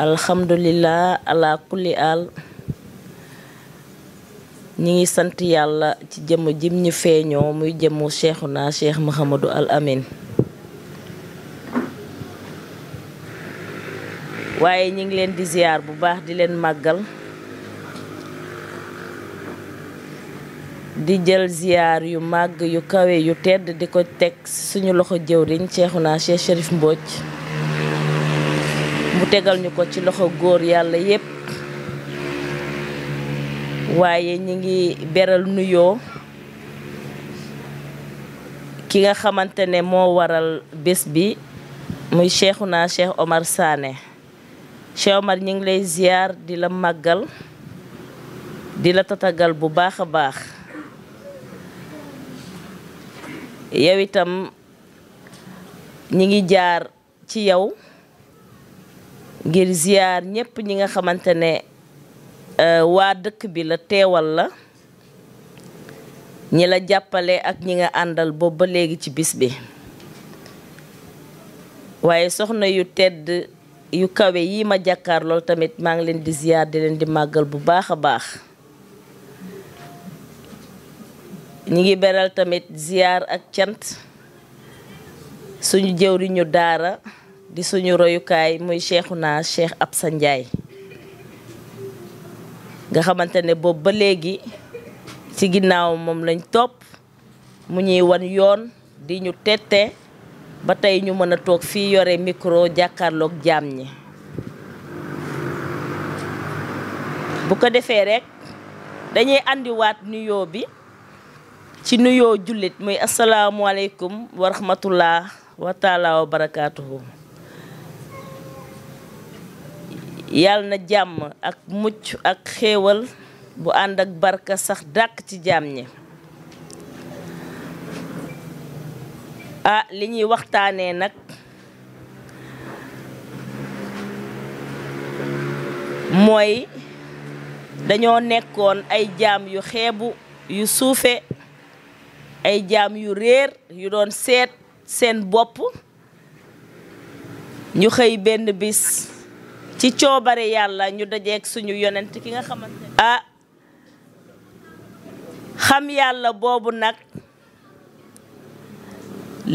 alhamdulilah ala kulli al ñi ngi sant yàlla ci jëmm jim ñi feeñoo muy jëmmu cheikhuna cheikh Mouhamadou al amin waaye ñi ngi leen di ziar bu baax di leen màggal di jël ziar yu màgg yu kawe yu tedd di ko teg suñu loxo jëwriñ cheikhuna cheikh Chérif Mbodj tegal ñu ko ci loxo góor yàlla yépp waaye ñi ngi beral nuyoo ki nga xamante ne moo waral bés bi muy Cheikhouna Cheikh Omar Sané Cheikh Omar ñi ngi lay ziar di la màggal di la tatagal bu baax a baax yow itam ñi ngi jaar ci yow ngir ziyaar ñépp ñi nga xamante ne euh, waa dëkk bi la teewal la ñi la jàppale ak ñi nga àndal boobu ba léegi ci bis bi waaye soxna yu tedd yu kawe yii ma jàkkaar lool tamit maa ngi leen di ziyaar di leen di màggal bu baax a baax ñi ngi beral tamit ziyaar ak cent suñu jëwriñu daara di suñu royukaay muy Cheikhouna Cheikh sa njaay nga xamante ne boobu ba léegi ci ginnaaw moom lañ topp mu ñuy wan yoon di ñu tette ba tey ñu mën a toog fi yore mikro jàkkaarloog jaam ñi bu ko defee rekk dañuy àndiwaat nuyoo bi ci nuyoo jullit muy asalaamualeykum wa rahmatullah wa wa barakaatuhu yàlla na jàmm ak mucc ak xéewal bu ànd ak barka sax dàkk ci jaam ñi ah li ñuy waxtaanee nag mooy dañoo nekkoon ay jaam yu xeebu yu suufe ay jaam yu réer yu doon seet seen bopp ñu xëy benn bis ci coobare yàlla ñu dajeeg suñu yonent ki nga xamante ne ah, xam yàlla boobu nag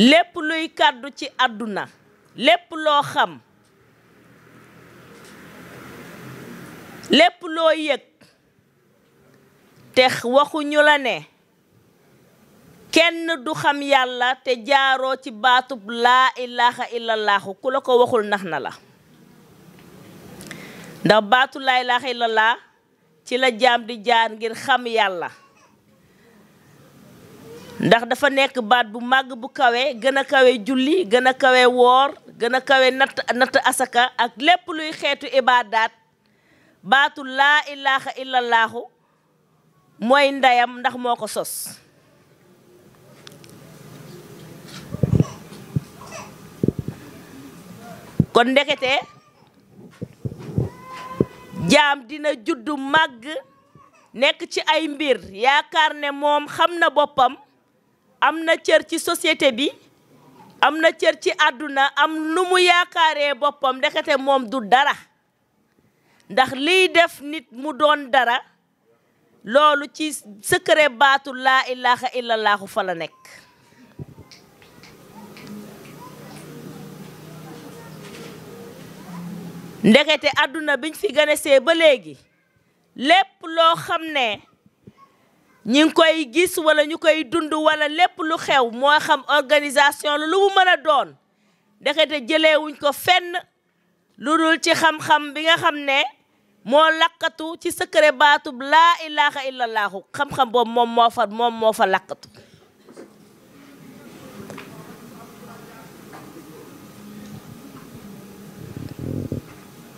lépp luy kàddu ci àdduna lépp loo xam lépp loo yëg te waxuñu la ne kenn du xam yàlla te jaaroo ci baatub laa ilaha illallahu ku la ko waxul nax na la ndax baatu laa ilaaha ci la jaam di jaar ngir xam yàlla ndax dafa nekk baat bu màgg bu kawee gëna a kawe julli gëna a kawe woor gëna a natt natt asaka ak lépp luy xeetu ibaadaat baatu laa ilaaha mooy ndeyam ndax moo ko sos kon ndekete jaam dina juddu màgg nekk ci ay mbir yaakaar ne moom xam na boppam am na cër ci société bi am na cër ci àdduna am nu mu yaakaaree boppam ndekete moom du dara ndax liy def nit mu doon dara loolu ci secret baatu laa ilaha illallahu fa la nekk ndekete àdduna biñ fi ganesee ba léegi lépp loo xam ne ñi koy gis wala ñu koy dund walla lépp lu xew moo xam organisation lu lu mu mën a doon ndekete jëleewuñ ko fenn lu dul ci xam-xam bi nga xam ne moo lakkatu ci secret baatub laa ilaha illallahu xam-xam boobu moom moo fa moom moo fa lakkatu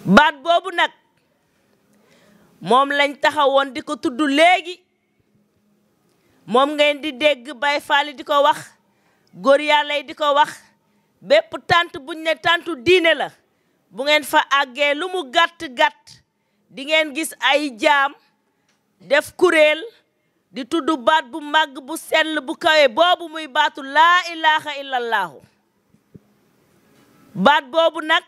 baat boobu nag moom lañ taxawoon di ko tudd léegi moom ngeen di dégg bay faali di ko wax góor yàlla yi di ko wax bépp tànt bu ne tàntu diine la bu ngeen fa àggee lu mu gàtt-gàtt di ngeen gis ay jaam def kuréel di tudd baat bu màgg bu sell bu kawe boobu muy baatu laa ilaha illallahu baat boobu nag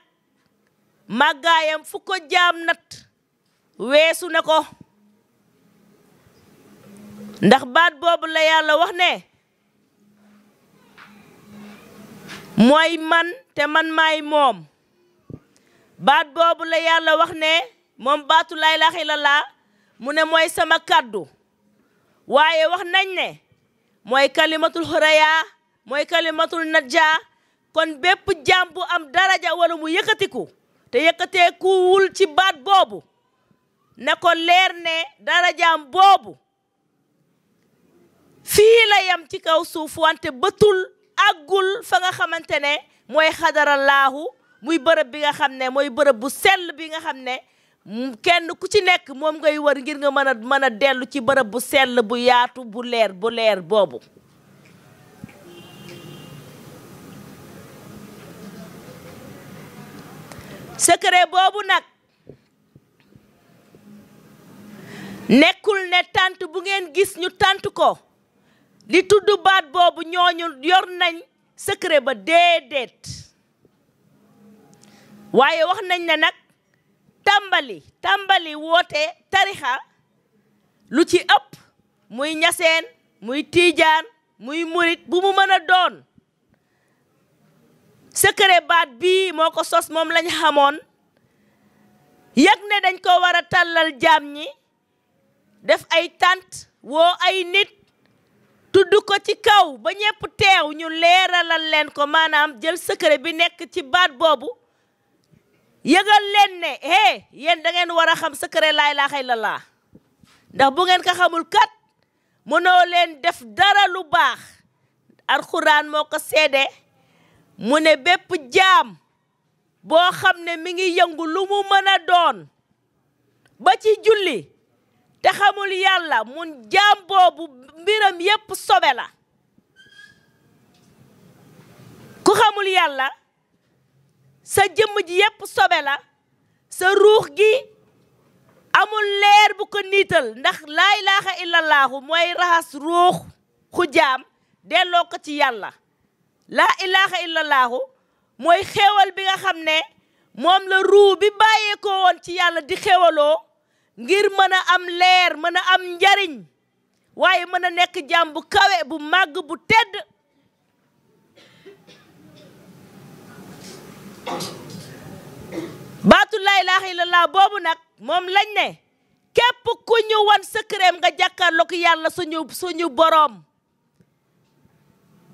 màggaayam fu ko jaam nat weesu na ko ndax baat boobu la yàlla wax ne mooy man man maay moom baat boobu la yàlla wax ne moom baatu laa ilaaha mu ne mooy sama kàddu waaye wax nañ ne mooy kalimatul xuraya mooy kalimatul najja kon bépp jaam bu am daraja wala mu yëkkatiku te yëkkatee kuwul ci baat boobu na ko leer ne darajaam boobu fii la yam ci kaw suuf wante bëtul àggul fa nga xamante ne mooy xadara laahu muy bërëb bi nga xam ne mooy bërëb bu sell bi nga xam ne kenn ku ci nekk moom ngay war ngir nga mën a mën a dellu ci bërëb bu sell bu yaatu bu leer bu leer boobu secret boobu nag nekkul ne tant bu ngeen gis ñu tànt ko li tudd baat boobu ñooñu yor nañ secret ba déedéet waaye wax nañ ne nag tàmbali tàmbali woote tarixa lu ci ëpp muy ñaseen muy tiijaan muy murit bu mu mën a doon secret baat bii moo ko sos moom lañ xamoon yëg ne dañ ko war a tàllal jaam ñi def ay tànt woo ay nit tudd ko ci kaw ba ñépp teew ñu leeralal leen ko maanaam jël secret bi nekk ci baat boobu yëgal leen ne hé yéen da ngeen war a xam secret laa ilaaha illallaah ndax bu ngeen ko xamul kat mënoo leen def dara lu baax alxuraan moo ko seede mu ne bépp jaam boo xam ne mi ngi yëngu lu mu mën a doon ba ci julli te xamul yàlla mun jaam boobu mbiram yépp sobe la ku xamul yàlla sa jëmm ji yépp sobe la sa ruux gi amul leer bu ko niital ndax laa ilaha illallahu mooy raxas ruux xu jaam delloo ko ci yàlla laa ilaha illallahu mooy xéewal bi nga xam ne moom la ruu bi bàyyeekoo woon ci yàlla di xéewaloo ngir mën a am leer mën a am njariñ waaye mën a nekk jaam bu kawe bu màgg bu tedd baatu laa ilaha boobu nag moom lañ ne képp ku ñu wan sa këréem nga jàkkaarloog yàlla suñu suñu boroom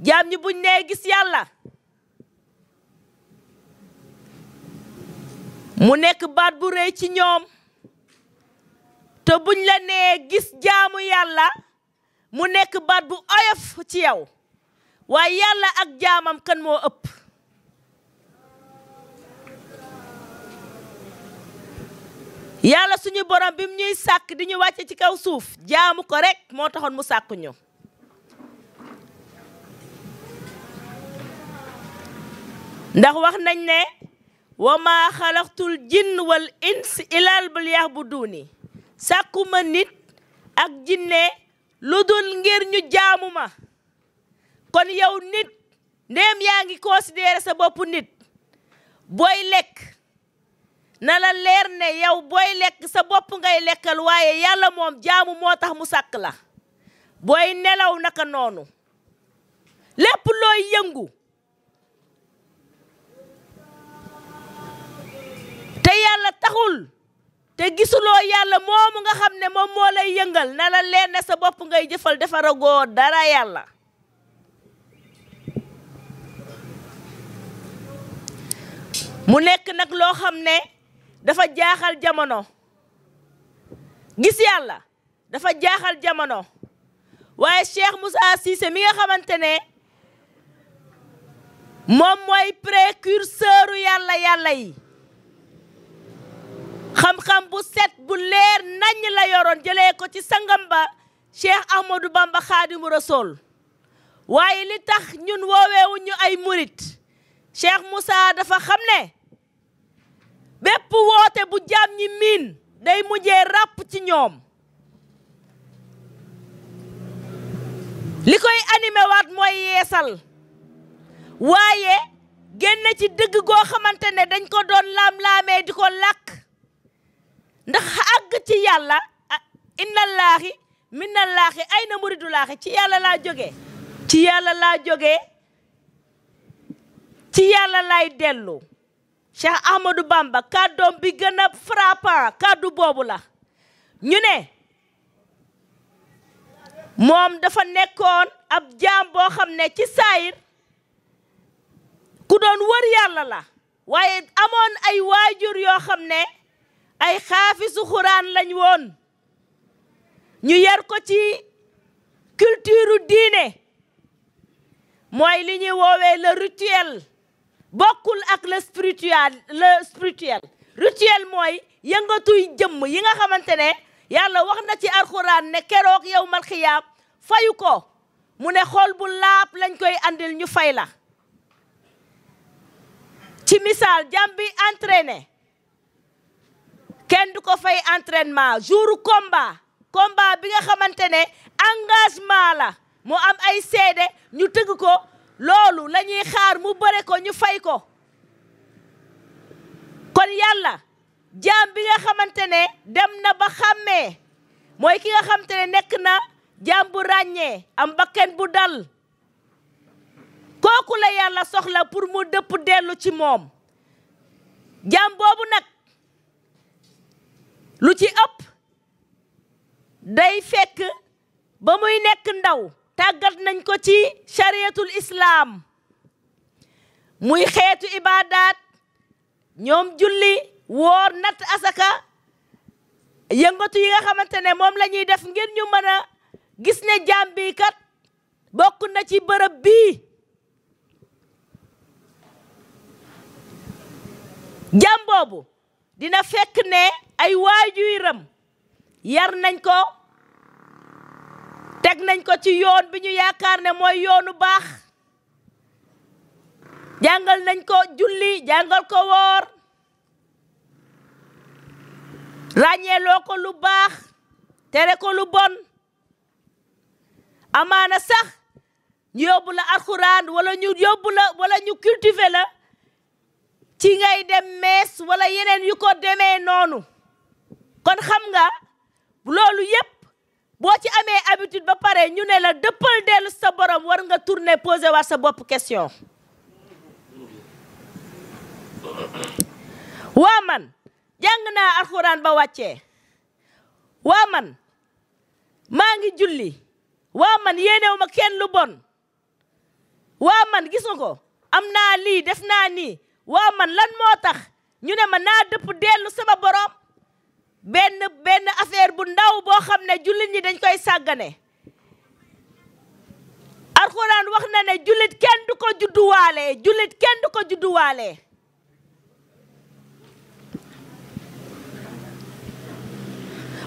jaam ñi buñ nee gis yàlla mu nekk baat bu rëy ci ñoom te buñ la nee gis jaamu yàlla mu nekk baat bu oyof ci yow waaye yàlla ak jaamam kan moo ëpp yàlla suñu borom bi mu ñuy sàkk di ñu wàcce ci kaw suuf jaamu ko rekk moo taxoon mu sàkk ndax wax nañ ne wa maa xalaqtul jinn wal ins ilaal bul yax bu duuni sàkkuma nit ak jinne lu dul ngir ñu jaamu ma kon yow nit ndéem yaa ngi considéré sa bopp nit booy lekk na la leer ne yow booy lekk sa bopp ngay lekkal waaye yàlla moom jaamu moo tax mu sàkk la booy nelaw naka noonu lépp looy yëngu yàlla taxul te gisuloo yàlla moomu nga xam ne moom moo lay yëngal na la leen sa bopp ngay jëfal defaragoo dara yàlla mu nekk nag loo xam ne dafa jaaxal jamono gis yàlla dafa jaaxal jamono waaye Cheikh Moussa Cissé mi nga xamante ne moom mooy précurseur yàlla yàlla yi xam-xam bu set bu leer nañ la yoroon jëlee ko ci sangam ba Cheikh Ahmadou Bamba Xaadimu Rasool waaye li tax ñun wooweewu ay murit Cheikh Moussa dafa xam ne bépp woote bu jaam ñi miin day mujjee ràpp ci ñoom li koy animé mooy yeesal waaye génn ci dëgg goo xamante ne dañ ko doon laam-laamee di ko làkk ndax àgg ci yàlla ah, innallaahi minnallaahi ay na muridulaahi ci yàlla laa jógee ci yàlla laa jógee ci yàlla lay dellu Cheikh Ahmadou Bamba kàddoom bi gën a frappant kàddu boobu la ñu ne moom dafa nekkoon ab jaam boo xam ne ci saayir ku doon wër yàlla la waaye amoon ay waajur yoo xam ne ay xaafisu xuraan lañ woon ñu yar ko ci culture diine mooy li ñuy woowee le rituel bokkul ak le spirituel le mooy yëngatuy jëmm yi nga xamante ne yàlla wax na ci alxuraan ne keroog yow mal fayu ko mu ne xol bu laab lañ koy andil ñu fay la ci misaal jàmm bi kenn du ko fay entraînement jour komba komba bi nga xamante ne engagement la mu am ay seede ñu tëgg ko loolu la ñuy xaar mu bëre ko ñu fay ko kon yàlla jaam bi nga xamante ne dem na ba xàmmee mooy ki nga xamante nekk na jaam bu ràññee am bakken bu dal kooku la yàlla soxla pour mu dëpp dellu ci moom jaam boobu nag lu ci ëpp day fekk ba muy nekk ndaw tàggat nañ ko ci chariatul islaam muy xeetu ibaadaat ñoom julli woor natt asaka yëngatu yi nga xamante ne moom la ñuy def ngir ñu mën gis ne jaam bi kat bokk na ci bërëb bii jaam boobu dina fekk ne ay waajuram yar nañ ko teg nañ ko ci yoon bi ñu yaakaar ne mooy yoonu baax jàngal nañ ko julli jàngal ko woor ràññeeloo ko lu baax tere ko lu bon amaana sax ñu yóbbu la alxuraan wala ñu yóbbu la wala ñu cultiver la ci ngay dem mees wala yeneen yu ko demee noonu kon xam nga loolu yépp boo ci amee habitude ba pare ñu ne la dëppal dellu sa borom war nga tourner pose waat sa bopp question waa man jàng naa alxuraan ba wàccee waa man maa ngi julli waa man yéenewu ma kenn lu bon waa man gis nga am naa lii def naa nii waa man lan moo tax ñu ne ma naa dëpp dellu sama borom benn benn affaire bu ndaw boo xam ne jullit ñi dañ koy sàggane alxuraan wax na ne jullit kenn du ko judduwaalee jullit kenn du ko judduwaalee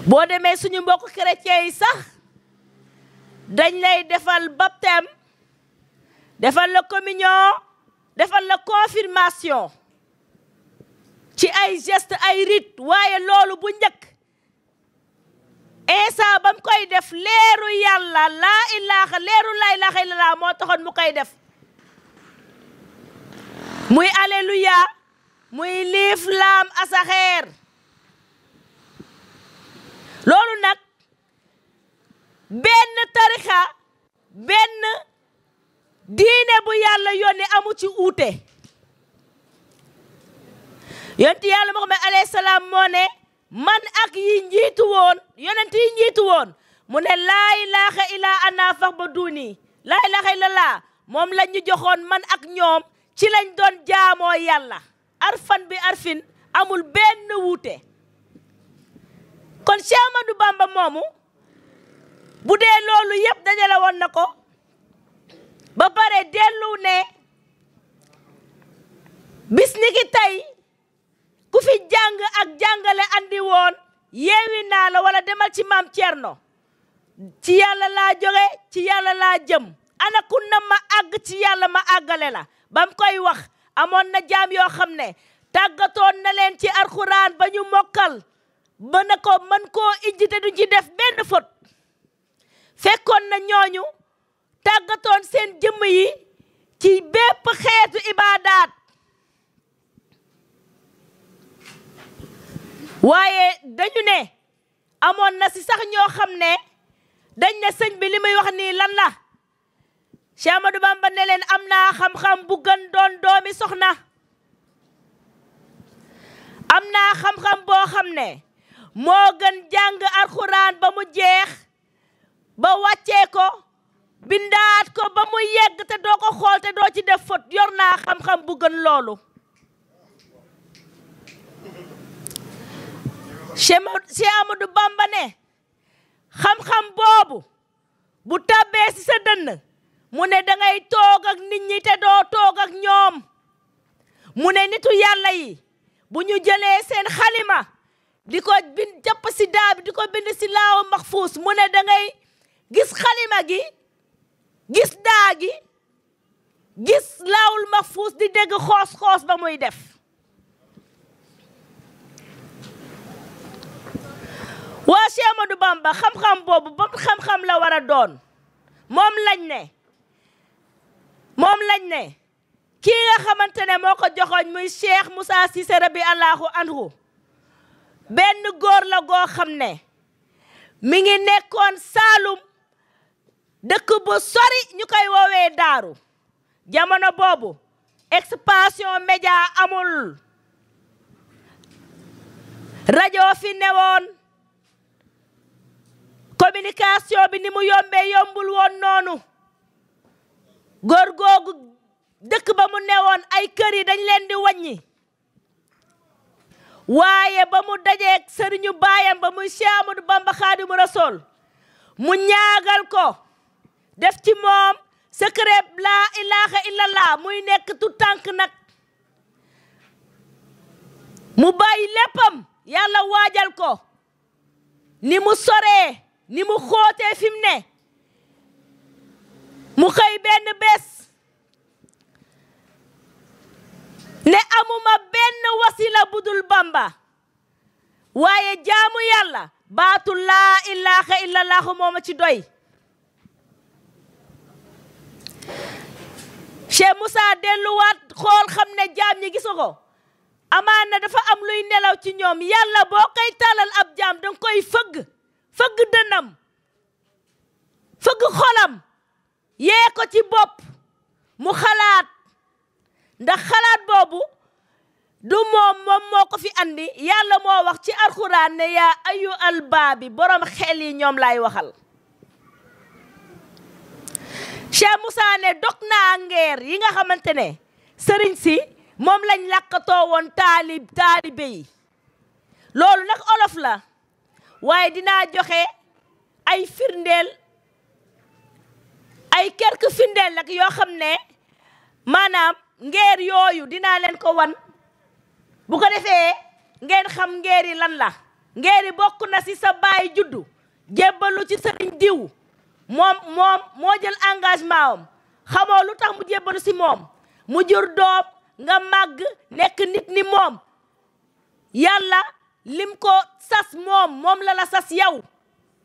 boo demee suñu mbokk chrétien yi sax dañ lay defal baptême defal la communion defal la confirmation ci ay geste ay rite waaye loolu bu njëkk Isa bam koy def leeru yàlla laa ilaaha leeru laa ilaaha illallah moo taxoon mu koy def muy alléluia muy liif laam asaxeer loolu nag benn tarixa benn diine bu yàlla yónni amu ci uute yonent yàlla Muhammad alayhi salaam moo ne man ak yi njiitu woon yonent yi njiitu woon mu laa ilaaha illa ana fa'buduni laa ilaaha illa laa moom lañ ñu joxoon man ak ñoom ci lañ doon jaamoo yàlla arfan bi arfin amul benn wuute kon Cheikh Amadou Bamba moomu bu dee loolu yëpp dajale woon na ko ba pare dellu ne bis tey ku fi jàng ak jàngale andi woon yeewi naa la wala demal ci maam Thierno ci yàlla laa jóge ci yàlla laa jëm ana na ma àgg ci yàlla ma àggale la ba koy wax amoon na jaam yoo xam ne tàggatoon na leen ci alxuraan ba ñu mokkal mën na ko mën koo ijji te duñ ci def benn fot fekkoon na ñooñu tàggatoon seen jëmm yi ci bépp xeetu ibaadaat waaye dañu ne amoon na ci sax ñoo xam ne dañ ne sëñ bi li muy wax nii lan la Cheikh Amadou Bamba ne leen am naa xam-xam bu gën doon doomi soxna am naa xam-xam boo xam ne moo gën jàng alxuraan ba mu jeex ba wàccee ko bindaat ko ba mu yegg te doo ko xool te doo ci def fot yor naa xam-xam bu gën loolu Cheikh Amadou Bamba ne xam-xam boobu bu tàbbee ci sa dënn mu ne da ngay toog ak nit ñi te doo toog ñoom mu ne nitu yàlla yi bu ñu jëlee seen xalima di ko bind jàpp si daa di ko bind si laaw maxfuus mu ne da ngay gis xalima gi gis daa gi gis laawul maxfuus di dégg xoos-xoos ba muy def waa Cheikh Amadou Bamba xam-xam boobu ba xam-xam la war a doon moom lañ ne moom lañ ne kii nga xamante ne moo ko joxoon muy Cheikh Moussa Cissé bi allahu anhu benn góor la goo xam ne mi ngi nekkoon Saalum dëkk bu sori ñu koy woowee Daaru jamono boobu expansion média amul rajo fi newoon communication bi ni mu yombee yombul woon noonu góor googu dëkk ba mu newoon ay kër yi dañ leen di wàññi waaye ba mu dajeeg sëriñu baayam ba muy Cheikh Amadou Bamba Khadimu Rasool mu ñaagal ko def ci moom secret laa ilaha illallah muy nekk tu tànk nag mu bàyyi léppam yàlla waajal ko ni mu soree ni mu xóotee fi ne mu xëy benn bés ne amuma benn wasila budul bamba waaye jaamu yàlla baatu laa ilaha illallahu mooma ci doy Cheikh Moussa delluwaat xool xam ne jaam ñi gisu ko amaana dafa am luy nelaw ci ñoom yàlla boo koy talal ab jaam danga koy fëgg fëgg dënnam fëgg xolam yee ko ci bopp mu xalaat ndax xalaat boobu du moom moom moo ko fi andi yàlla moo wax ci alxuraan ne yaa ayu albaabi borom xel yi ñoom lay waxal Cheikh Moussa ne naa ngeer yi nga xamante ne sëriñ si moom lañ làkkatoo woon taalib taalibe yi loolu nag olof la waaye dinaa joxe ay firndeel ay quelques firndeel nag yoo xam ne maanaam ngeer yooyu dinaa leen ko wan bu ko defee ngeen xam ngeeri lan la ngeer yi bokk na ci sa baay juddu jébbalu ci sëriñ diw moom moom moo jël engagement am xamoo lu tax mu jébbalu ci moom mu jur doom nga màgg nekk nit ni moom yàlla lim ko sas moom moom la la sas yow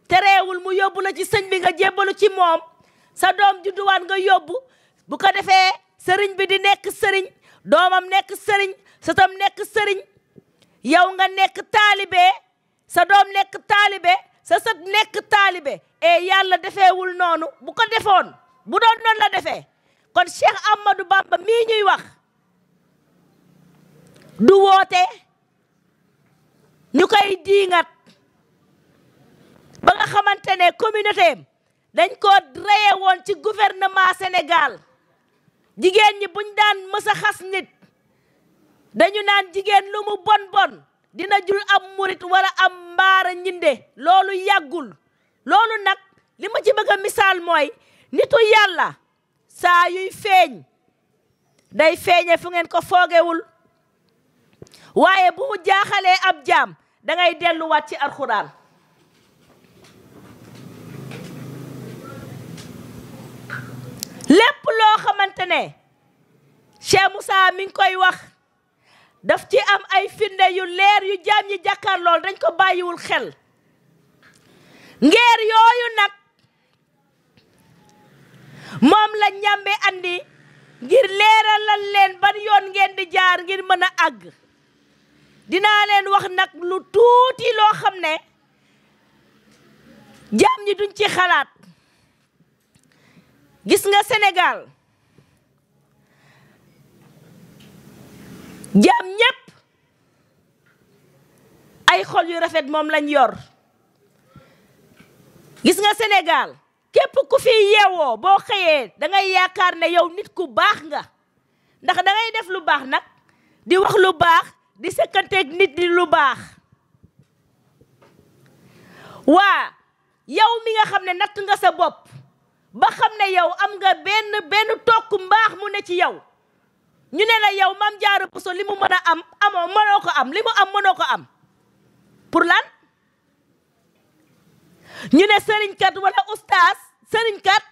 tereewul mu yóbbu la ci sëñ bi nga jébbalu ci moom sa doom judduwaat nga yóbbu bu ko defee sëriñ bi di nekk sëriñ doomam nekk sëriñ sëtam nekk sëriñ yow nga nekk taalibe sa doom nekk taalibe sa sët nekk taalibe e yàlla defewul noonu bu ko defoon bu doon noonu la defee kon Cheikh Ahmadou Bamba mii wax du woote ñu koy diingat ba nga xamante ne dañ ko reye woon ci gouvernement Sénégal jigéen ñi buñ daan mës a xas nit dañu naan jigéen lu mu bon bon dina jul am murit wala am mbaara ñinde loolu yàggul loolu nag li ma ci bëgg a misaal mooy nitu yàlla saa yuy feeñ day feeñe fu ngeen ko foogewul waaye bu mu jaaxalee ab jaam dangay delluwaat ci alxuraan lépp loo xamante ne Cheikh Moussa mi ngi koy wax daf ci am ay firnde yu leer yu jaam ñi jàkkaar dañ ko bàyyiwul xel ngeer yooyu nag moom la ñambe andi ngir leeralal leen ban yoon ngeen di jaar ngir mën a àgg dinaa leen wax nag lu tuuti loo xam ne jaam ñi duñ ci xalaat gis nga Sénégal jaam ñépp ay xol yu rafet moom lañ yor gis nga senegaal képp ku fi yeewoo boo xëyee da yaakaar ne yow nit ku baax nga ndax da ngay def lu baax nag di wax lu baax di sëkkanteeg nit di lu baax waa yow mi nga xam ne natt nga sa bopp ba xam ne yow am nga benn benn tokk mbaax mu ne ci yow ñu ne la yow Mame Diarra Bousso li mu mën a am amoo mënoo ko am li mu am mënoo ko am pour lan ñu ne sëriñkat wala ustaas sëriñkat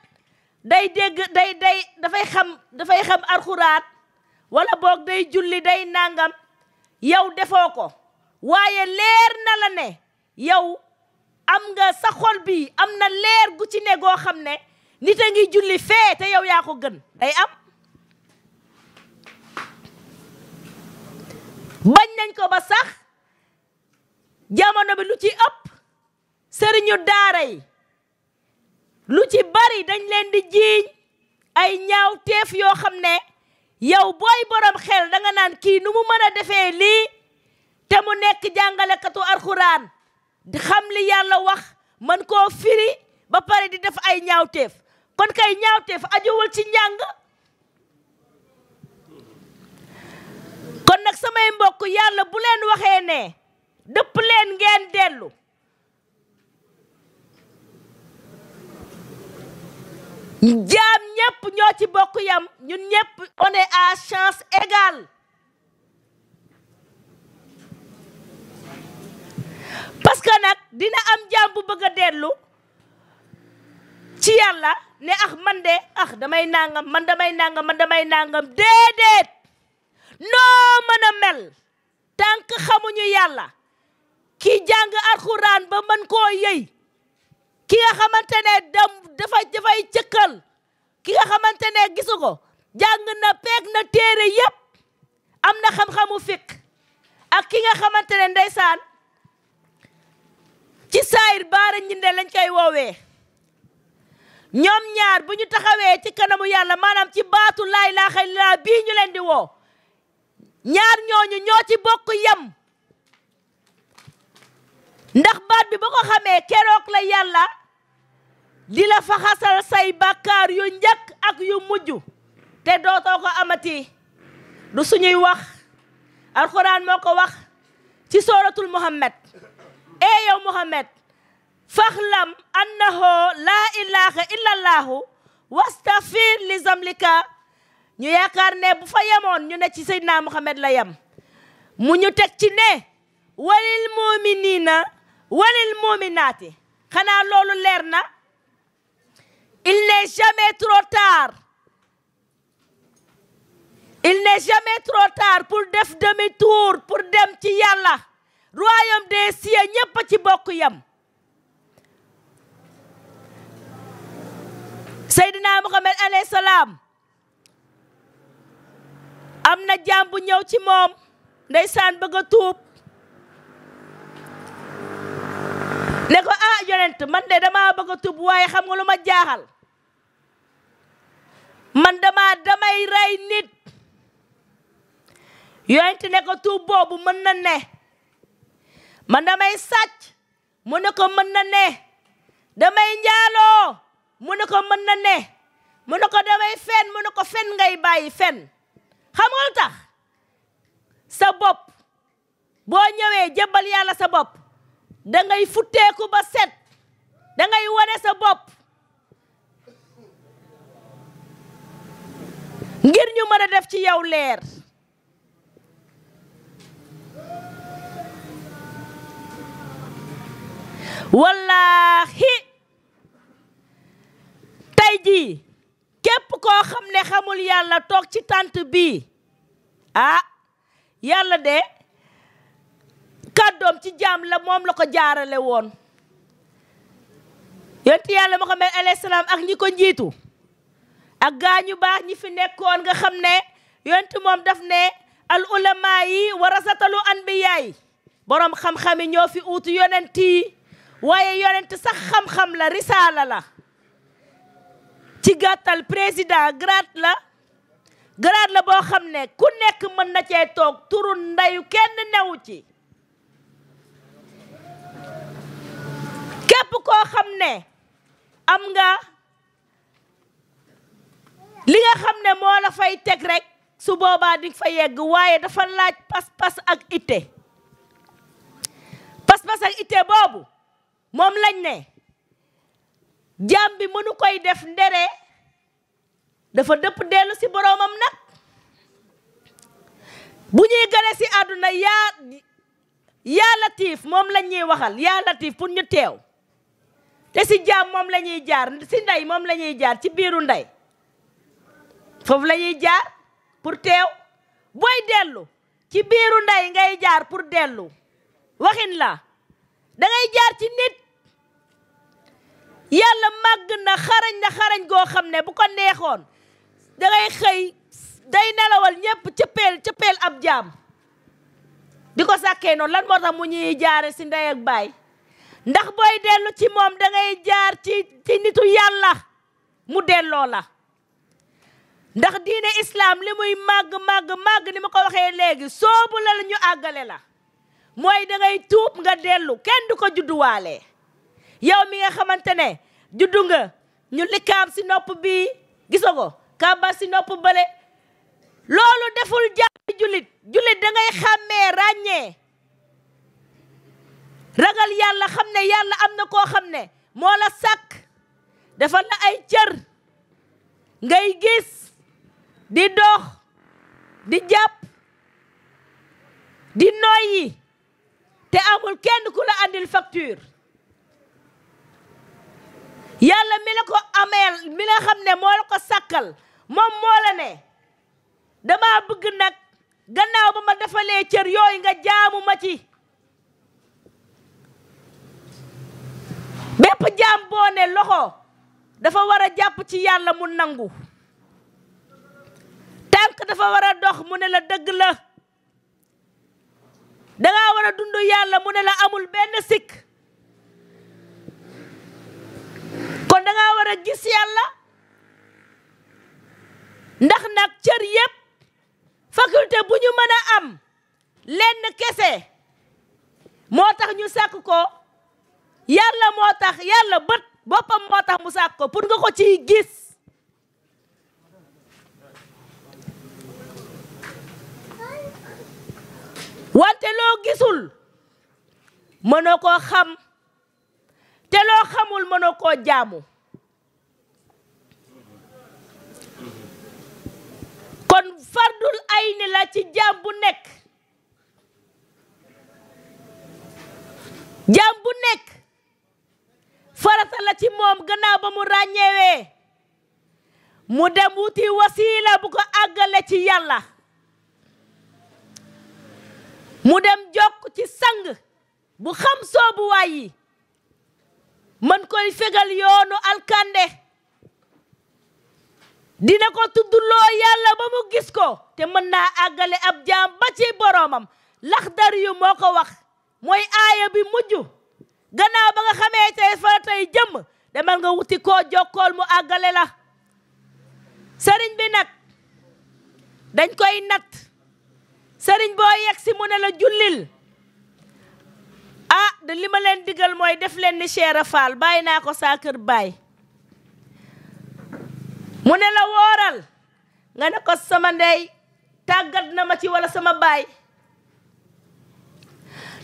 day dégg day day dafay xam dafay xam alxuraan wala boog day julli day nangam yow defoo ko waaye leer na la ne yow am nga sa xol bi am na leer gu ci ne goo xam ne nit a ngi julli fee te yow yaa ko gën day am bañ nañ ko ba sax jamono bi lu ci ëpp sëriñu daara yi lu ci bari dañ leen di jiiñ ay ñaaw teef yoo xam ne yow booy borom xel da naan kii nu mu mën a defee lii te mu nekk jàngalekatu alxuraan di xam li yàlla wax mën koo firi ba pare di def ay ñaawteef kon kay ñaawteef ajuwul ci njàng kon nag samay mbokk yàlla bu leen waxee ne dëpp leen ngeen dellu jaam ñépp ñoo ci bokk yam ñun ñépp on à chance égale parce que nag dina am jaam bu bëgg a dellu ci yàlla ne ah man de ah damay nangam man damay nangam man damay nangam déedéet noo mën a mel tant xamuñu yàlla ki jàng alxuraan ba mën koo yëy ki nga xamante ne dafa dafay cëkkal ki nga xamante gisu ko jàng na peeg na téere yépp am na xam-xamu fikk ak ki nga xamante ne ndeysaan ci saayir baara ñinde lañ koy woowee ñoom ñaar bu ñu taxawee ci kanamu yàlla maanaam ci baatu laa ilaaha illallaah bii ñu leen di woo ñaar ñooñu ñoo ci bokk yem ndax baat bi ba ko xamee keroog la yàlla di la faxasal say bàkkaar yu njëkk ak yu mujj te dootoo ko amati du suñuy wax alxuraan moo ko wax ci sooratul muhammad ee yow muhammad faxlam annahu laa ilaha illa allaahu wastafir li ñu yaakaar ne bu fa yemoon ñu ne ci seydina muhammad la yem mu ñu teg ci ne walil muminina walil muminaati xanaa loolu leer na Il n'est jamais trop tard. Il n'est jamais trop tard def demi-tour pour dem ci yàlla royaume des cieux ñépp ci bokk yam Seydina Mohamed alayhi salaam am na jaam bu ñëw ci moom ndeysaan bëgg a tuub ne ko ah yonent man de damaa bëgg a tub waaye xam nga lu ma jaaxal man dama damay rey nit yonent ne ko tuub boobu mën na ne man damay sàcc mu ne ko mën na ne damay njaaloo mu ne ko mën na ne mu ne ko damay fen mu ne ko fen ngay bàyyi fen xam nga tax sa bopp boo ñëwee jébbal yàlla sa bopp da futteeku ba set da ngay wane sa bopp ngir ñu mën a def ci yow leer wallaahi tey jii képp koo xam ne xamul yàlla toog ci tànt bii ah yàlla de kàddoom ci jaam la moom la ko jaarale woon yonti yàlla Muhammad alayhi salaam ak ñi ko njiitu ak gaa ñu baax ñi fi nekkoon nga xam ne yonti moom daf ne al ulama yi warasatalu anbiya yi boroom xam yi ñoo fi uutu yonent yi waaye yonent sax xam-xam la risaala la ci gàttal président grade la grade la boo xam ne ku nekk mën na cee toog turu ndayu kenn newu ci képp koo xam ne am nga li nga xam ne moo la fay teg rek su boobaa di fa yegg waaye dafa laaj pas-pas ak itte pas-pas ak itte boobu moom lañ ne jaam bi mënu koy def ndere dafa dëpp dellu si boroomam nag bu ñuy gane ci àdduna yaa yaa latiif moom lañ ñuy waxal yaa latiif pour ñu teew te si jaam moom la jaar si ndey moom la jaar ci biiru ndey foofu lañuy ñuy jaar pour teew booy dellu ci biiru ndey ngay jaar pour dellu waxin la da jaar ci nit yàlla màgg na xarañ na xarañ goo xam ne bu ko neexoon da ngay xëy day nelawal ñépp cëppeel cëppeel ab jaam di ko sàkkee noonu lan moo tax mu ñuy jaare si ndey ak baay ndax booy dellu ci moom da ngay jaar ci ci nitu yàlla mu delloo la ndax diine islaam li muy màgg màgg màgg ni ma ko waxee léegi soobu la la ñu àggale la mooy da tuub nga dellu kenn du ko judduwaale yow mi nga xamante ne juddu nga ñu likaam si nopp bi gisa ko kàbba si nopp bële loolu deful jàppi jullit jullit da xàmmee ràññee ragal yàlla xam ne yàlla am na koo xam ne moo la sàkk dafa la ay cër ngay gis di dox di jàpp di noyyi te amul kenn ku la andil facture yàlla mi la ko ameel mi la xam ne moo la ko sàkkal moom moo la ne dama bëgg nag gannaaw ba ma defalee cër yooyu nga jaamu ma ci bépp jaam boo loxo dafa war a jàpp ci yàlla mu nangu tànk dafa war a dox mu ne la dëgg la dangaa war a dund yàlla mu ne la amul benn sikk kon dangaa war a gis yàlla ndax nag cër yépp faculté bu ñu mën a am lenn kese moo tax ñu sàkk ko yàlla moo tax yàlla bët boppam moo tax mu sàkk ko pour nga ko ciy gis wante loo gisul mënoo koo xam te loo xamul mënoo koo jaamu kon fardul ayni la ci jaam bu nekk jaam bu nekk farata la ci moom gannaaw ba mu ràññeewee mu dem wuti wasiila bu ko àggale ci yàlla mu dem jokk ci sang bu xam soobu waay yi mën koy fegal yoonu alkande dina ko tuddloo yàlla ba mu gis ko te mën naa àggale ab jaam ba ci boroomam laxdar yu moo ko wax mooy aaya bi mujj gannaaw ba nga xamee tey fa tey jëm demal nga wuti koo jokkool mu àggale la sëriñ bi nag dañ koy nat sëriñ boo yegg si mu ne la jullil ah de li ma leen digal mooy def leen ni Cheikh Fall bàyyi naa ko saa kër baay mu ne la wooral nga ne ko sama ndey tàggat na ma ci walla sama baay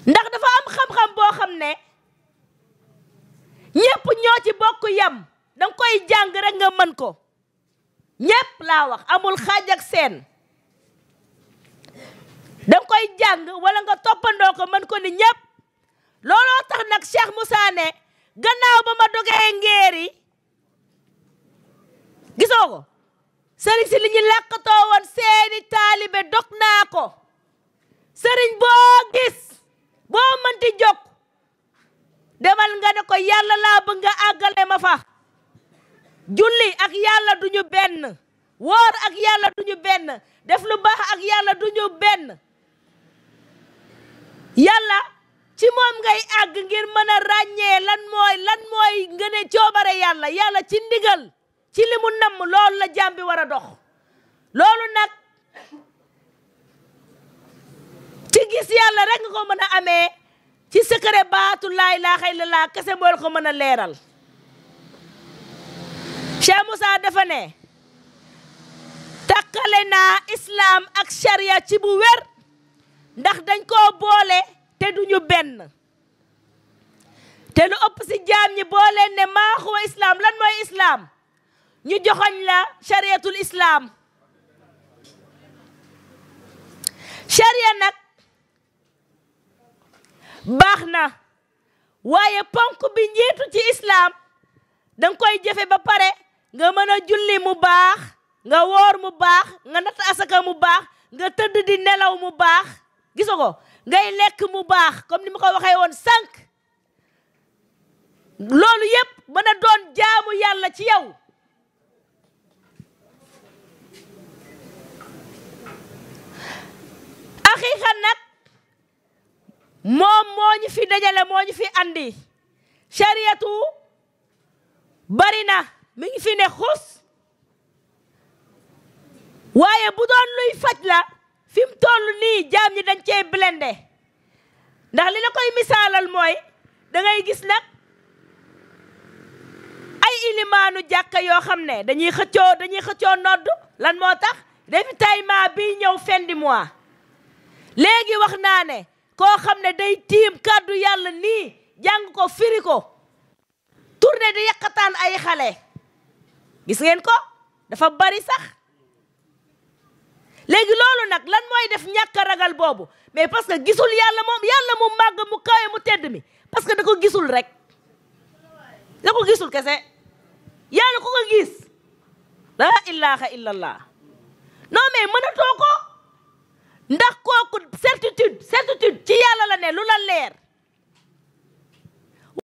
ndax dafa am xam-xam boo xam ne ñépp ñoo ci bokk yem danga koy jàng rek nga mën ko ñépp laa wax amul xaaj ak seen danga koy jàng wala nga toppandoo ko mën ko ni ñépp looloo tax nag Cheikh Moussa gannaaw ba ma dogee ngeeri gisoo ko sëriñ si li ñu làqatoo woon seeni taalibe dog naa ko sëriñ boo gis boo mënti jokk demal nga ne ko yàlla laa bëgg nga àggale ma fa julli ak yàlla duñu benn woor ak yàlla duñu benn def lu baax ak yàlla duñu benn yàlla ci moom ngay àgg ngir mën a ràññee lan mooy lan mooy nga ne coobare yàlla yàlla ci ndigal ci li mu namm loolu la jaam war a dox loolu nag ci gis yàlla rek nga ko mën a amee ci secret baatu laa ilaaha illallaah kese bool ko mën a leeral Cheikh Moussa dafa ne takkale naa islaam ak sharia ci bu wér ndax dañ koo boole te duñu benn te lu ëpp si jaam ñi boo ne maa islaam lan mooy islaam ñu joxoñ la shariatul islaam sharia nag baax na waaye ponk bi njiitu ci islaam danga koy jëfe ba pare nga mën a julli mu baax nga woor mu baax nga natt asaka mu baax nga tëdd di nelaw mu baax gisa ko ngay lekk mu baax comme ni ma ko waxee woon sànq loolu yépp mën a doon jaamu yàlla ci yaw axiixan nag moom moo ñu fi dajale moo ñu fi andi sariyatu bari na mi ngi fi ne xus waaye bu doon luy faj la fi mu toll nii jaam ñi dañ cee blende ndax li la koy misaalal mooy da gis nag ay ilimaanu jàkka yoo xam ne dañuy xëccoo dañuy xëccoo nodd lan moo tax ravitaillement bi ñëw fin du mois léegi wax naa ne koo xam ne day tiim kàddu yàlla nii jàng ko firi ko tourné di yàqataan ay xale gis ngeen ko dafa bari sax léegi loolu nag lan mooy def ñàkk ragal boobu mais parce que gisul yàlla moom yàlla mu màgg mu kawe mu tedd mi parce que da ko gisul rek da ko gisul kese yàlla ku ko gis la ilaha illallah non mais mënatoo ko ndax kooku certitude certitude ci yàlla la ne lu la leer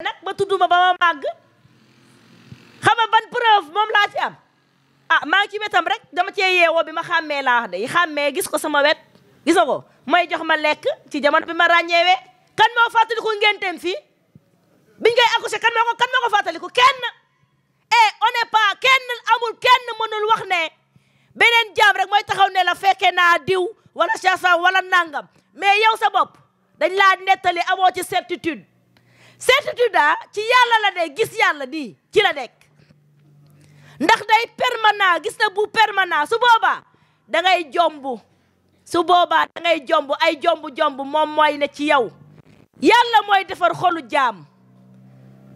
nag ma tudduma ba ma màgg xam nga ban preuve moom laa ci am ah maa ngi ci wetam rek dama cee yeewoo bi ma xàmmee laa wax de yi xàmmee gis ko sama wet gis nga ko mooy jox ma lekk ci jamono bi ma ràññeewee kan moo fàttaliku ngenteem fi biñ koy accouché kan moo ko kan moo ko fàttaliku kenn eh on est pas kenn amul kenn mënul wax ne beneen jaam rek mooy taxaw ne la fekkee naa diw wala chassa wala nangam mais yow sa bopp dañ laa nettali amoo ci certitude certitude ah, ci yàlla la de gis yàlla di ci la nekk ndax day permanent gis na bu permanent su boobaa da ngay jomb su boobaa da jomb ay jomb-jomb moom mooy ne ci yow yàlla mooy defar xolu jaam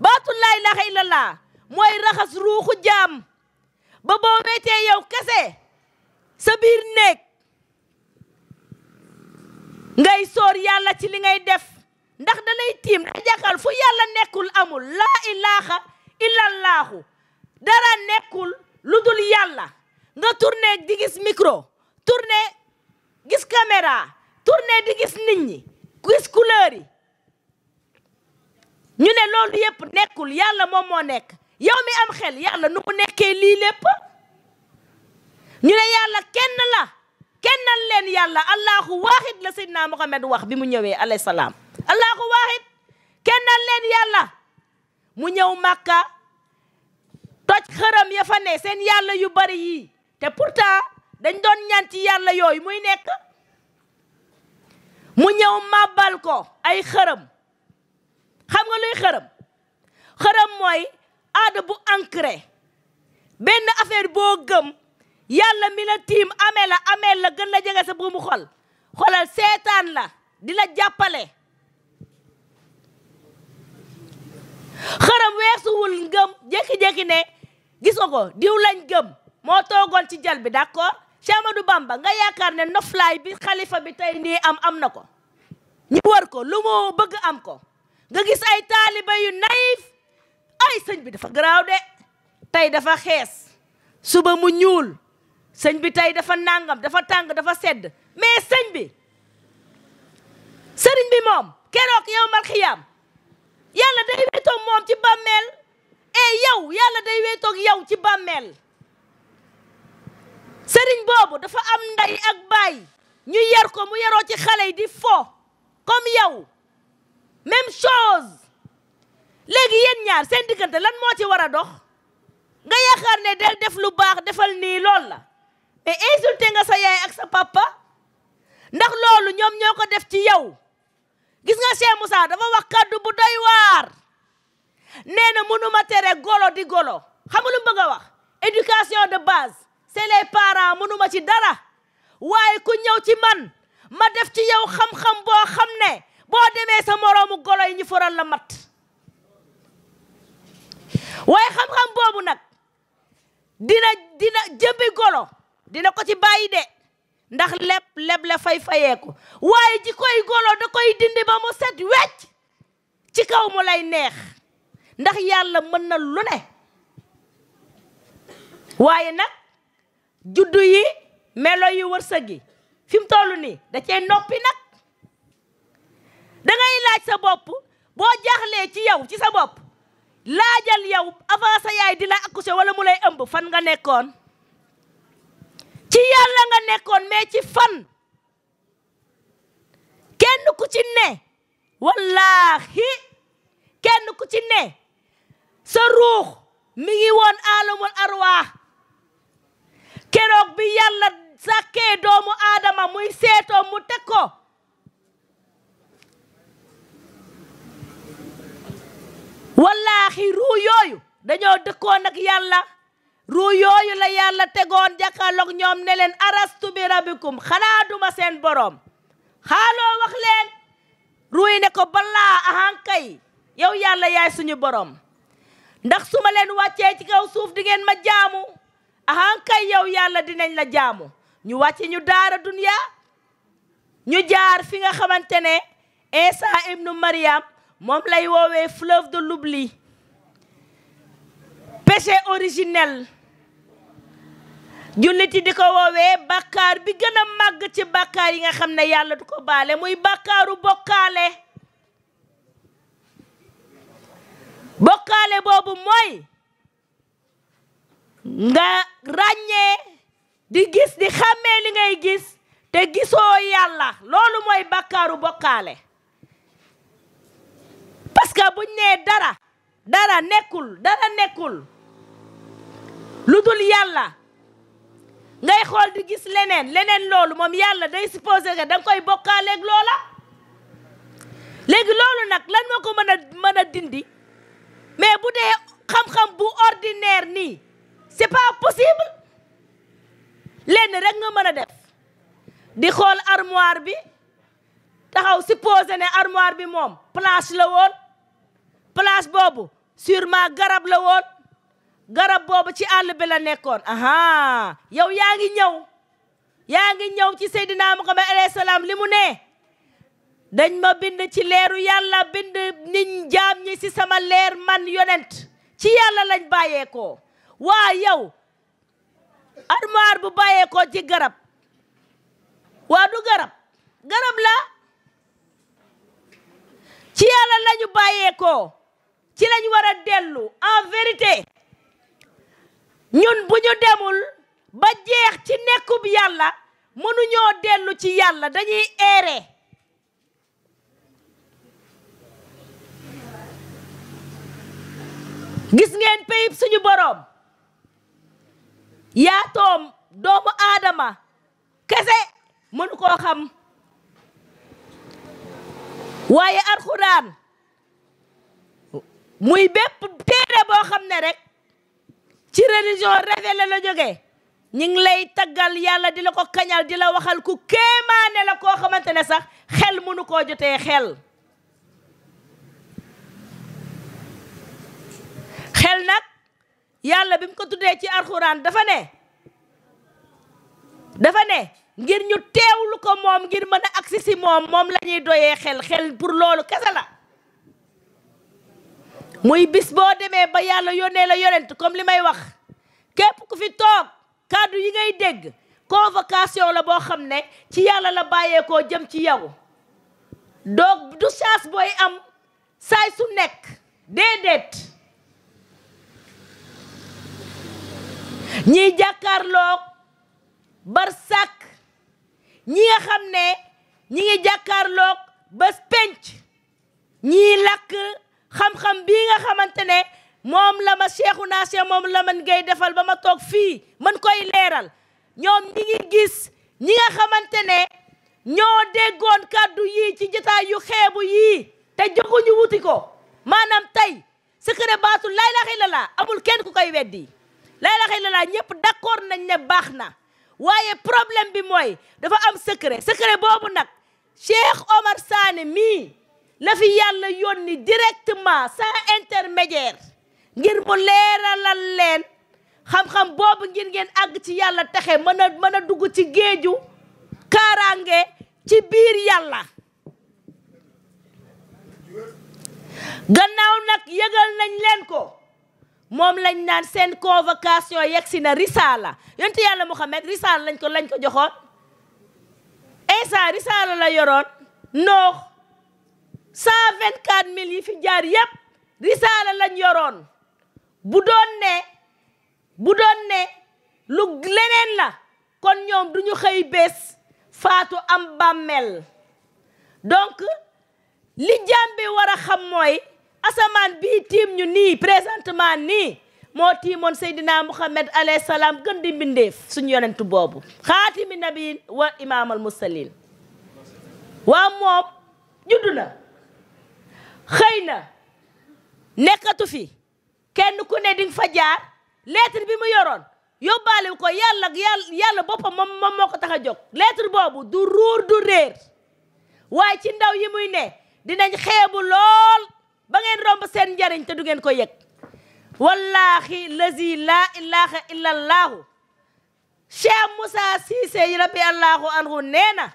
baatu laa ilaaha illallah mooy raxas ruuxu jaam ba boo mettee yow kese sa biir néeg ngay sóor yàlla ci li ngay def ndax da lay tiim dajaxal fu yàlla nekkul amul laa ilaha illallaahu dara nekkul lu dul yàlla nga tourné di gis micro tourné gis caméra tourné di gis nit ñi gis couleur yi ñu ne loolu yépp nekkul yàlla moom moo nekk yow mi am xel yàlla nu mu nekkee lii lépp ñu ne yàlla kenn la kennal leen yàlla allahu waaxid la seydina Muhammad wax bi mu ñëwee alayhi salaam allahu waaxid kennal leen yàlla mu ñëw màkka toj xëram ya fa ne seen yàlla yu bari yii te pourtant dañ doon ñaan ci yàlla yooyu muy nekk mu ñëw màbbal ko ay xëram xam nga luy xëram xëram mooy aada bu ancré benn affaire boo gëm yàlla mi la tiim amee la amee la gën la jege sa buumu xol xolal seetaan la di la jàppale xaram weesuwul ngëm jékki-jékki ne gis nga ko diw lañ gëm moo toogoon ci jal bi d'accord Cheikh Amadou Bamba nga yaakaar ne noflaay bi xalifa bi tey nii am am na ko ñu war ko lu mu bëgg am ko nga gis ay taaliba yu naïf ay sëñ bi dafa garaaw de tey dafa xees suba mu ñuul sëñ bi tey dafa nàngam dafa tàng dafa sedd mais sëñ bi sëriñ bi moom keroog yow mal yàlla day wéetoog moom ci bàmmeel e yow yàlla day wéetoog yow ci bàmmeel sëriñ boobu dafa am ndey ak baay ñu yar ko mu yaroo ci xale yi di fo comme yow même chose léegi yéen ñaar seen diggante lan moo ci war a dox nga yaakaar ne del def lu baax defal nii lool la et insulté nga sa yaay ak sa papa ndax loolu ñoom ñoo ko def ci yow gis nga Cheikh Moussa dafa wax kàddu bu doy waar nee na mënuma tere golo di golo xam nga lu bëgg wax éducation de base c'est les parents ci dara waaye ku ñëw ci man ma def ci yow xam-xam boo yi ñu foral la xam-xam boobu nag dina dina jëmbi golo dina ko ci bàyyi de ndax leb leb la fay fayeeku waaye ji koy golo da koy dindi ba mu set wecc ci kaw mu lay neex ndax yàlla mën na lu ne waaye nag juddu yi melo yi wërsëg yi fi mu toll nii da cee noppi nag dangay laaj sa bopp boo jaaxlee ci yow ci sa bopp laajal yow avant sa yaay di la accoucher wala mu lay ëmb fan nga nekkoon ci yàlla nga nekkoon mais ci fan kenn ku ci ne wallaahi kenn ku ci ne sa ruux mi ngi woon alamul arwaax keroog bi yàlla sàkkee doomu aadama muy seetoo mu teg ko wallaahi ruu yooyu dañoo dëkkoon ak yàlla ruu yooyu la yàlla tegoon jàkkaarloog ñoom ne leen arastu bi rabbikum xanaa duma seen boroom xaaloo wax leen ruu ne ko balaa ahankay yow yàlla yaay suñu boroom ndax su ma leen wàccee ci kaw suuf di ngeen ma jaamu ahankay yow yàlla dinañ la jaamu ñu wàcce ñu daara dunya ñu jaar fi nga xamante ne Isa ibnu Maryam moom lay woowee fleuve de l'oubli péché originel jullit yi di ko woowee bàkkaar bi gën a màgg ci bàkkaar yi nga xam ne yàlla du ko baale muy bàkkaaru bokkaale bokkaale boobu mooy nga ràññee di gis di xàmmee li ngay gis te gisoo yàlla loolu mooy bàkkaaru bokkaale parce que buñ nee dara dara nekkul dara nekkul lu dul yàlla ngay xool di gis leneen leneen loolu moom yàlla day supposé que da nga koy bokkaaleeg loola léegi loolu nag lan moo ko mën a a dindi mais bu dee xam-xam bu ordinaire nii c'est pas possible lenn rek nga mën a def di xool armoire bi taxaw supposé ne armoire bi moom planche la woon planche boobu sûrement garab la woon garab boobu ci àll bi la nekkoon aha yow yaa ngi ñëw yaa ngi ñëw ci Seydina Muhammad alayhi salaam li mu ne dañ ma bind ci leeru yàlla bind niñ jaam ñi si sama leer man yonent ci yàlla lañ bàyyeekoo waa yow armoire bu bàyyeekoo ci garab waa du garab garab la ci yàlla lañu bàyyeekoo ci lañu war a dellu en vérité ñun bu ñu demul ba jeex ci nekkub yàlla mënuñoo dellu ci yàlla dañuy eere gis ngeen payib suñu boroom yaatoom doomu aadama kese mënu koo xam waaye alxuraan muy bépp téere boo xam ne rek ci religion révélé la jógee ñi ngi lay taggal yàlla di la ko kañal di la waxal ku kéemaane la koo xamante ne sax xel mënu koo jotee xel xel nag yàlla bi mu ko tuddee ci alxuraan dafa ne dafa ne ngir ñu teewlu ko moom ngir mën a agsi si moom moom la ñuy doyee xel xel pour loolu kese la muy bis boo demee ba yàlla yónnee la yonent comme li may wax képp ko fi toog kàddu yi ngay dégg convocation la boo xam ne ci yàlla la bàyyeekoo jëm ci yow donc du chance booy am saay su nekk déedéet ñiy jàkkaarloo bar ñi nga xam ne ñi ngi jàkkaarloo bés penc ñii lakk xam-xam bii nga xamante ne moom la ma seexu naa moom la man ngay defal ba ma toog fii man koy leeral ñoom ñi ngi gis ñi nga xamante ne ñoo déggoon kàddu yii ci jotaay yu xeebu yii te joguñu wuti ko maanaam tey secret baatu laa ilaaha illallaah amul kenn koy weddi laa ilaaha illallaah ñëpp d'accord nañ ne baax na waaye problème bi mooy dafa am secret secret boobu nag Cheikh Omar Sané mii la fi yàlla yónni directement sans intermédiaire ngir mu leeralal leen xam-xam boobu ngir ngeen àgg ci yàlla taxe mën a mën a dugg ci géeju kaaraange ci biir yàlla gannaaw nag yëgal nañ leen ko moom lañ naan seen convocation yegsi na risaala yonte yàlla Muhammad risaala lañ ko lañ ko joxoon Isa risaala la yoroon noox cent vingt quatre yi fi jaar yépp risaala lañ yoroon bu doon ne bu doon ne lu leneen la kon ñoom duñu xëy bés faatu am bàmmeel donc li jaam bi war a xam mooy asamaan bii tiim ñu nii présentement nii moo tiimoon Seydina Muhammad alayhi salaam gën di mbindeef suñu yonentu boobu xaatimi nabiin wa imaamal mursaliin waa moom juddu na xëy na nekkatu fi kenn ku ne di nga fa jaar lettre bi mu yoroon yóbbaale ko yàlla yàlla boppam moom tax a jóg lettre boobu du ruur du réer waaye ci ndaw yi muy ne dinañ xeebu lool ba romb seen njariñ te du ngeen ko yëg wallaahi lazi laa ilaha illa allaahu cheikh siise rabbi allahu anhu nee na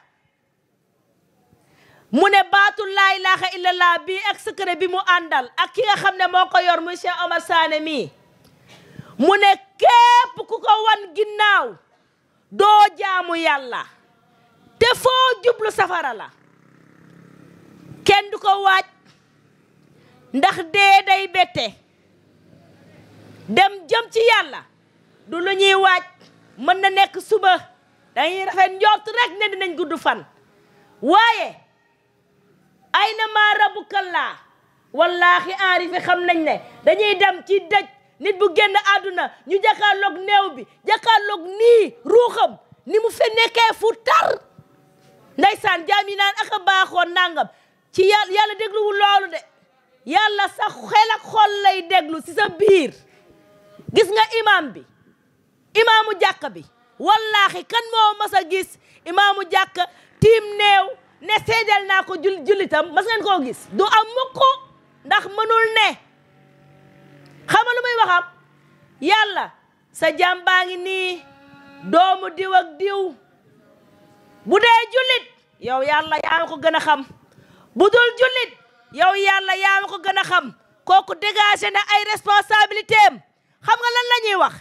mu ne baatul laa ilaaha illallah bii ak secret bi mu àndal ak ki nga xam ne moo ko yor muy Cheikh Omar Sané mii mu ne képp ku ko wan ginnaaw doo jaamu yàlla te foo jublu safara la kenn du ko waaj ndax dee day bette dem jëm ci yàlla du lu ñuy waaj mën na nekk suba dañuy rafet njort rek ne dinañ gudd fan waaye ayna ma rabukallaa wallaahi aarifi xam nañ ne dañuy dem ci dëj nit bu génn àdduna ñu jàkkaarloog néew bi jàkkaarloog nii ruuxam ni mu fe nekkee fu tar ndaysaan jaam yi naan aka baaxoon nangam ci yàlla yàlla dégluwul loolu de yàlla sa xel ak xol lay déglu si sa biir gis nga imam bi imaamu jàkk bi wallaahi kan moo mas gis imaamu jàkk tiim néew ne seedeel naa ko jul jullitam mas ngeen koo gis du am mukk ndax mënul ne xam lu muy waxam yàlla sa jaam baa ngi nii doomu diw ak diw bu dee jullit yow yàlla yaa ko gën a xam bu dul jullit yow yàlla yaa ma ko gën a xam kooku dégagé na ay responsabilité am xam nga lan la ñuy wax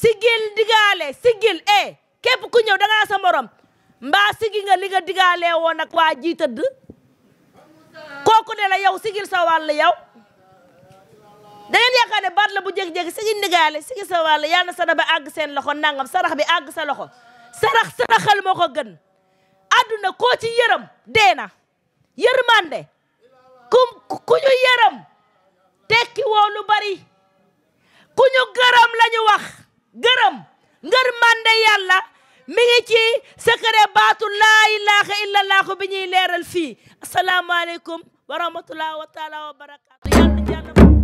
sigil digaale sigil eh képp ku ñëw da ngaa sa morom mbaa sigi nga li nga digaalee woon ak waa ji kooku ne la yow sigil sa wàll yow da ngeen yaakaar ne baat la bu jékki-jékki sigil ndigaale sigil sa wàll yàlla na sarax ba àgg seen loxo nangam sarax bi àgg sa loxo sarax saraxal moo ko gën àdduna koo ci yërëm dee na yërmande ku ku ñu yërëm tekki lu bari ku ñu gërëm la wax gërëm ngërmande yàlla mi ngi ci secret baatu laa ilaha illallah bi ñuy leeral fii asalaamaaleykum wa rahmatullah wa taala wa barakatu yàlla